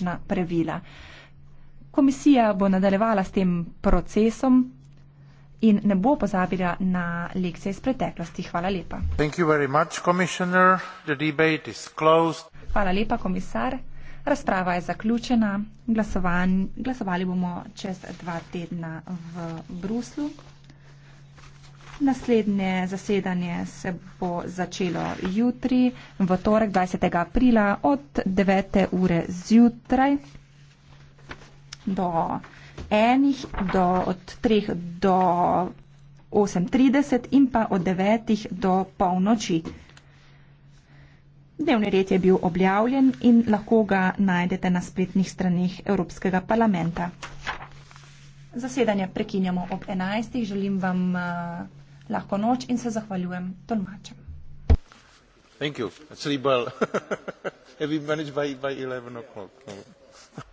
etična pravila. Komisija bo nadaljevala s tem procesom in ne bo pozabila na lekcije iz preteklosti. Hvala lepa. Much, Hvala lepa, komisar. Razprava je zaključena. Glasovan, glasovali bomo čez dva tedna v Bruslu. Naslednje zasedanje se bo začelo jutri, v torek 20. aprila od 9. ure zjutraj do 1. Do, od 3. do 8.30 in pa od 9. do polnoči. Dnevni red je bil objavljen in lahko ga najdete na spletnih stranih Evropskega parlamenta. Zasedanje prekinjamo ob 11. Želim vam. Uh, lahko noč in se zahvaljujem tolmačem. Thank you. It's really well. Have you managed by, by 11 o'clock? No.